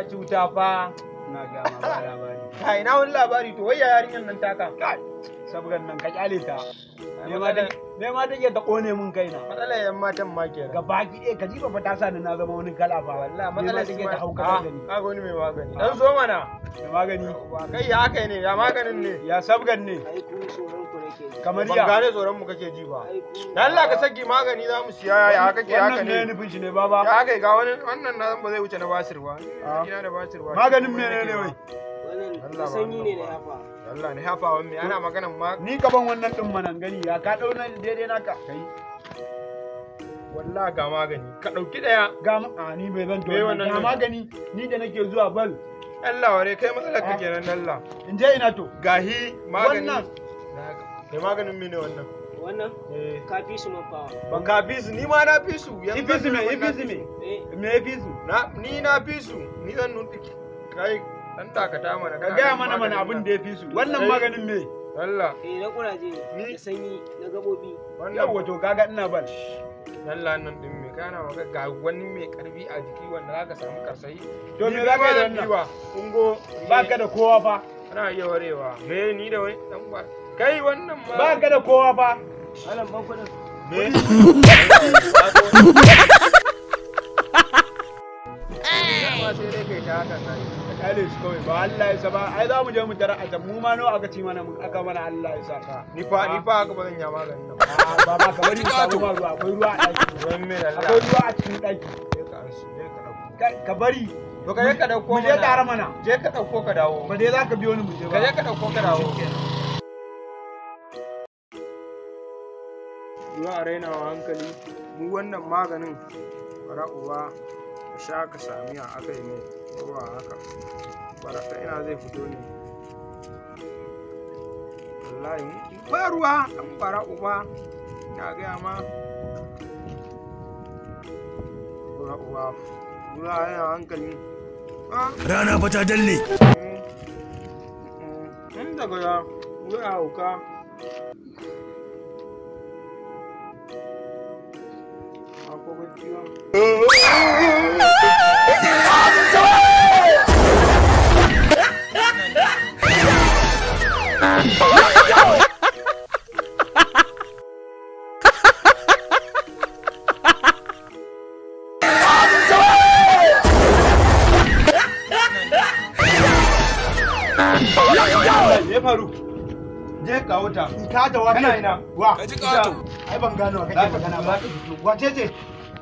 ka cuta fa na ga labari kai na wani labari to wai yarinyar nan taka kai sabgan nan ka kyale ta ne ma take ta kone min kaina matsalar yan matan ma ke ga baki eh ka ta sa ni na zama wani kala fa. wallahi matsalar take ta hauka da ni ah, ka goni mai magani ah. dan zo mana magani kai ya kai ne ya maganin ne ya sabgan ne kamar ya gane tsoron mu kake ji ba Allah ka saki magani za mu siya ya kake ya kake ne nufin shi ne baba ya kai ga wannan na zan ba zai wuce na basir ba ah. da basir maganin menene wai wannan sanyi ne da yafa Allah ne yafa wani ana magana ma ni gaban wannan din manan gani ya ka dau nan daidai naka kai wallahi ga magani ka ɗauki daya ga a ni bai zan to ga magani ni da nake zuwa bal Allah ware kai matsalar ka ah. kenan Allah in je ina to gahi magani wannan ne maganin mene wannan wannan eh. ka fi su mafawa ba ka fi su ni ma na fi su ifi su me ifi su me eh. me ifi su ni na fi su ni zan nuɗi kai Dan takata mana. Ka gaya mana mana abin da ya fi su. Wannan eh. maganin me? Allah. Eh na kuraje da sanyi na gabobi. Wannan wato kaga ina ban. Allah nan din me kana maka ga wani mai karfi a jiki wanda zaka samu karsayi. To me zaka yi da wannan? Kungo baka da kowa fa. Kana iya warewa. Me ni da wai dan uwa. Kai wannan ma. Baka da kowa fa. Alan ban kudin. Me? ma sai dai kai ta haka nan kawai ba Allah ya sa ba ai za mu je mu dara a mu ma nawa aka ci mana mun aka mana Allah ya sa ka ni fa ni fa haka ba ya magani nan ba ba ka bari ka ruwa akwai ruwa a ɗaki akwai ruwa a cikin ɗaki ka bari to ka je ka dauko mu je tare mana je ka dauko ka dawo ba dai za ka biyo ni mu je ba ka je ka dauko ka dawo za a raina wa hankali mu wannan maganin fara uba sha ka sami a aka yi ne ruwa haka barata ina zai fito ne wallahi ba ruwa an bara uba Ya gaya ma ruwa uba ruwa yana hankali rana fa ta dalle in eh, eh, eh, daga ya wuya hauka poco esquiva. Me faru? Je ka wuta. Ka da wata ina. Wa. Ka ji ka to. Ai ban gano kai magana ba. Wace ce?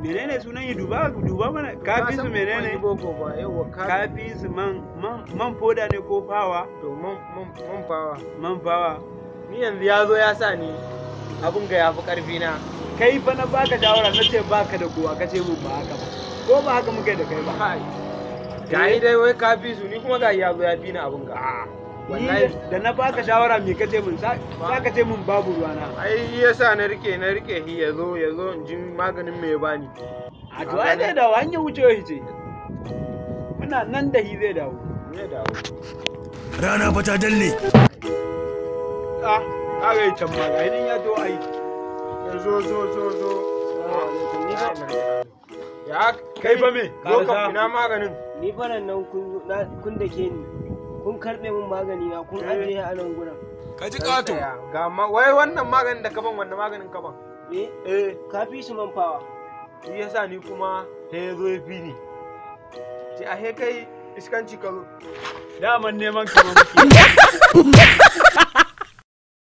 menene sunan yi duba duba mana ka fi su menene ka fi su man man foda ne ko fawa to man man fawa man fawa ni yanzu ya zo ya sa ni abun ga yafi karfi na kai fa na baka shawara na ce baka da kowa kace mu ba haka ba ko ba haka muke da kai ba ga dai wai ka fi su ni kuma ga ya zo ya fi na abun ga da na baka shawara me kace mun sa kace mun babu ruwana ai yasa na rike na rike hi yazo yazo in ji maganin me bani a to ai da wani hanyar wucewa hi ce muna nan da hi zai dawo ne dawo rana fa ta dalle a ah, kaga yi can ma ga idan ya to ai zo zo zo zo ya kai ba me zo ka ina maganin ni fa nan kun da ke ni kun karɓe min magani na kun eh. ajiye a nan gurin ka ji kato ga ma wai wannan maganin da kaban wannan maganin kaban eh eh ka fi shi man fawa shi yasa ni kuma sai ya zo ya fi ni ce a he kai iskanci ka zo daman neman ka zo